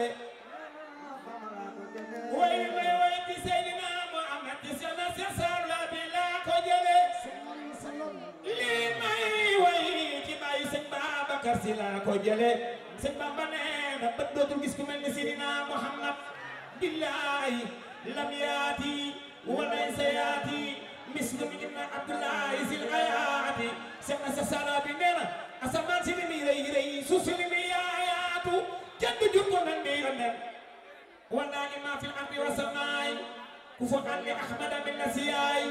de way may way ci Seydina Muhammad ci sena se sarla bi la ko jële lii may way ci bàyyi sëñ Babacar Si la ko jële sëñ na bët dootul gis ku mel ni Muhammad billaahi lam yaati walay sa yaati mislu mi inna abdullahi sil ayaati sena se sarla bi nee na asamaan si li muy rëy rëy suuf وداني ما في الأرض والسماء كفؤا لأحمد من نسياي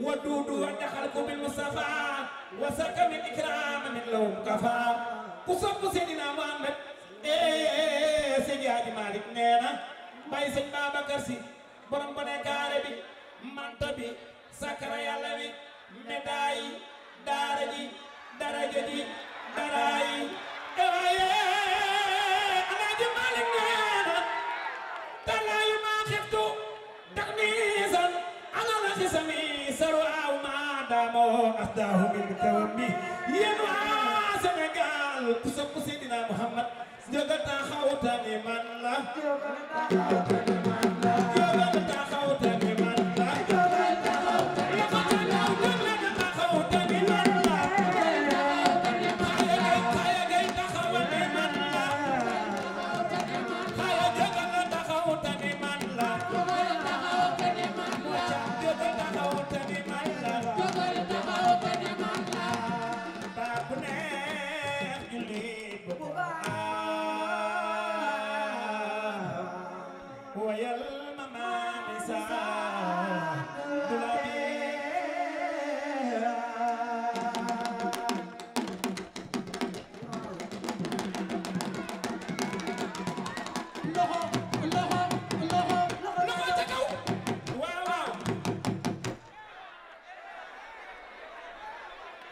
ودود ودخلك بالمصطفى وسك من إكرام من لوم كفى كسب سيدنا محمد إيه سيدي هادي مالك نينا باي سيد بابا كرسي borom bu ne kaare bi manta bi sakara yàlla bi médaay daara ji daraja ji daraay ewaaye Alaaji Malik تلا ما خفت تقميصا على جسمي سروا ما داموا أسداه من كومي ينوى سنغال تسمى سيدنا محمد جغتا خوتاني من لا جغتا خوتاني من لا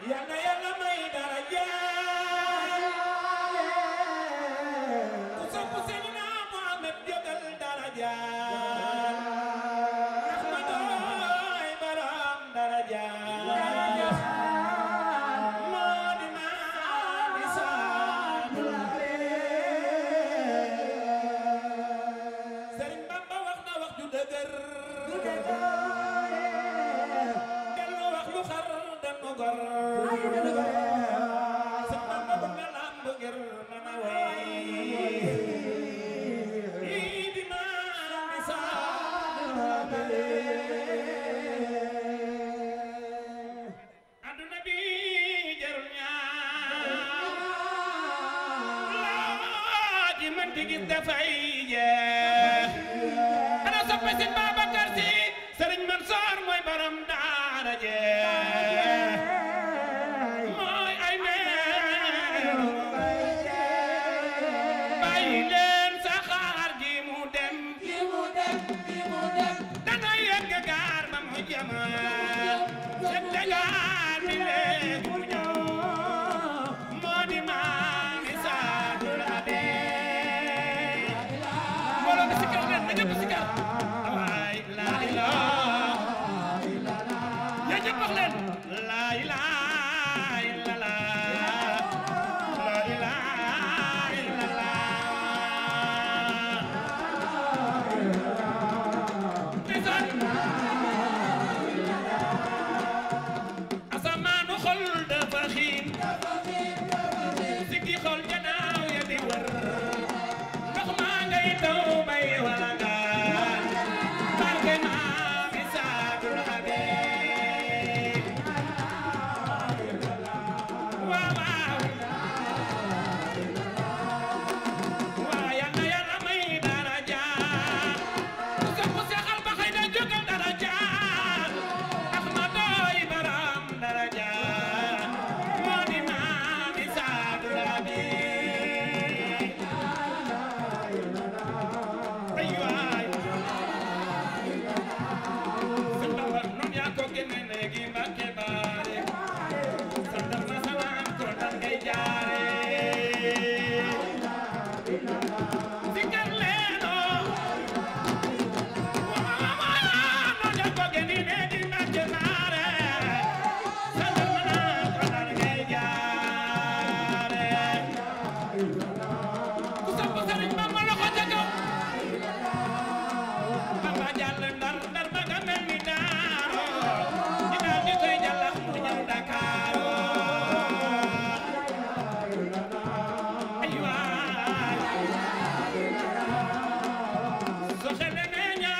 yàlla yàlla may dara jaale ku sopp Seydina Muhammad jógal dara jaal ndax ma dooy borom dara jaal moo di maa di saabu Sëriñ Bamba wax na wax ju dëgër dellu wax yu xar dem mu gor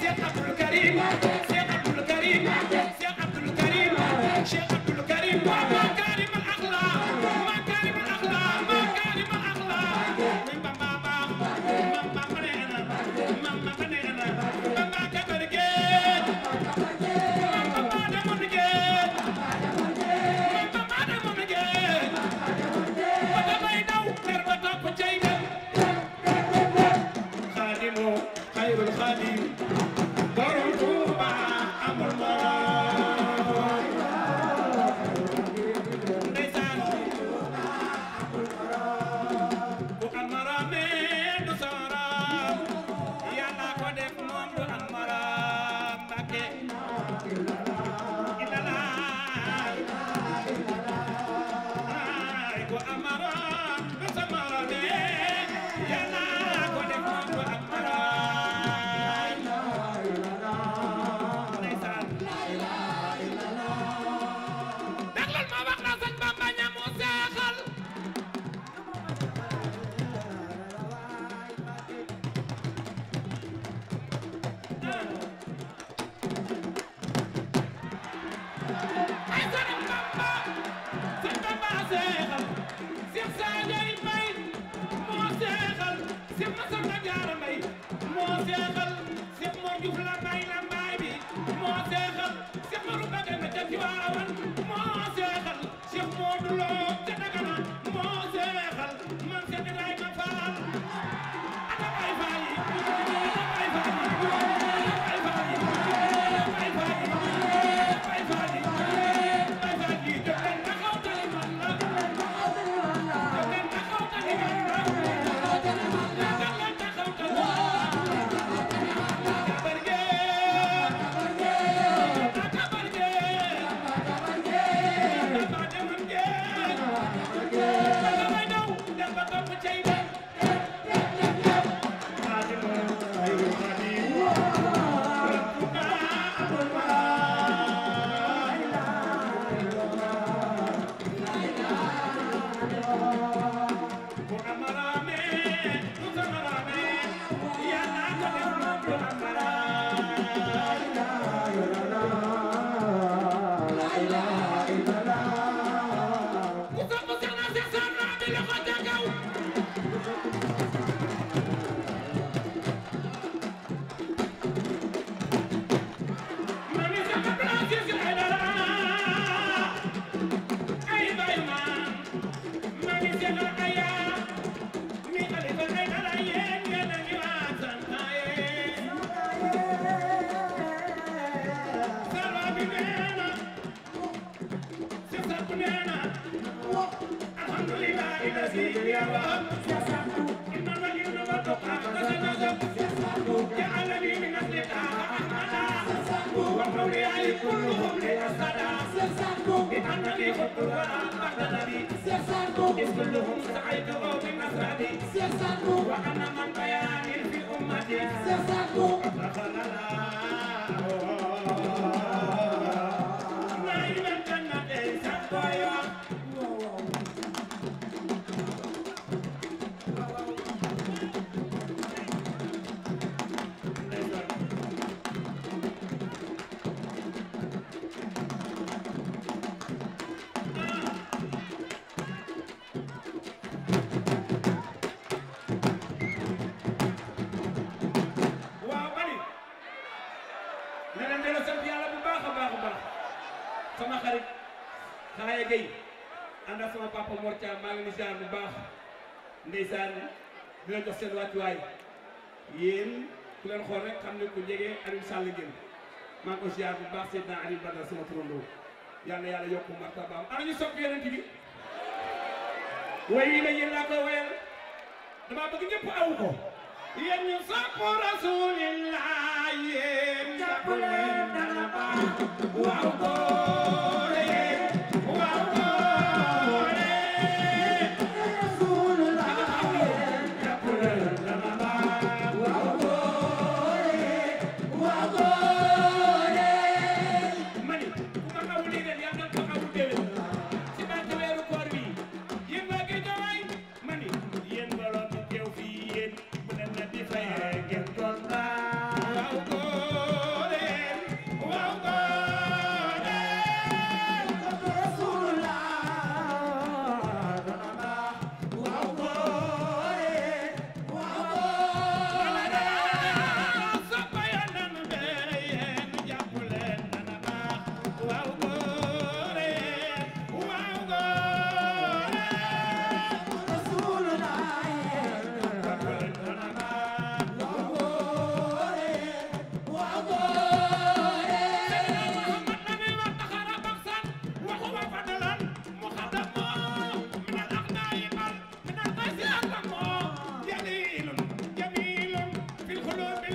seet na xal Cheikh Mor Diouf la bàyyi Sir Sango. leen di ziar bu baax ndeysaan di la jox seen wàccuwaay yéen ku leen xool rek xam ne ku jege Aliou Sall ngeen maa ngi ko ziar bu baax seet naa Aliou Badara sama turandoo yal na yàlla yokk martabaam ana ñu sopp yonent bi way yi la yéen laa koy wayal dama bëgg ñëpp aw ko yéen ñu sopp rasulillah yéen jàpp leen dana baax waaw ko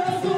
Thank you.